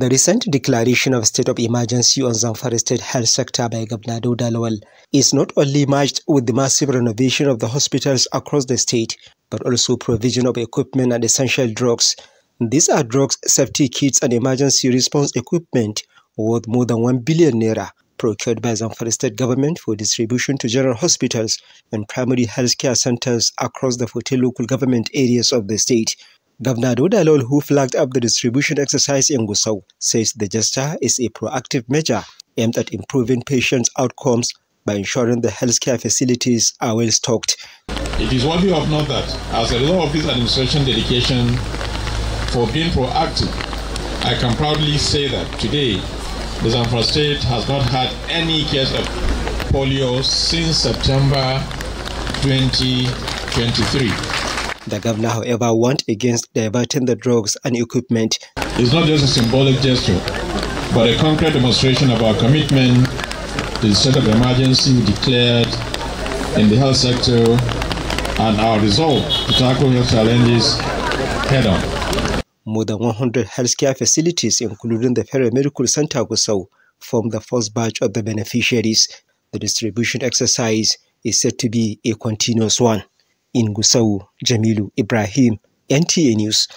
The recent declaration of state of emergency on Zamfara state health sector by Governor Dodalawal is not only matched with the massive renovation of the hospitals across the state, but also provision of equipment and essential drugs. These are drugs, safety kits, and emergency response equipment worth more than 1 billion naira procured by Zamfara state government for distribution to general hospitals and primary healthcare centers across the 40 local government areas of the state. Governor Dodalol, who flagged up the distribution exercise in Gusau, says the gesture is a proactive measure aimed at improving patients' outcomes by ensuring the healthcare facilities are well stocked. It is worthy of note that, as a result of this administration dedication for being proactive, I can proudly say that today, the Zamfara State has not had any case of polio since September 2023. The governor, however, warned against diverting the drugs and equipment. It's not just a symbolic gesture, but a concrete demonstration of our commitment to the state of emergency declared in the health sector and our resolve to tackle health challenges head on. More than 100 healthcare facilities, including the Federal Medical Center Gusau, form the first batch of the beneficiaries. The distribution exercise is said to be a continuous one. Ingusau Jamilu Ibrahim NTA News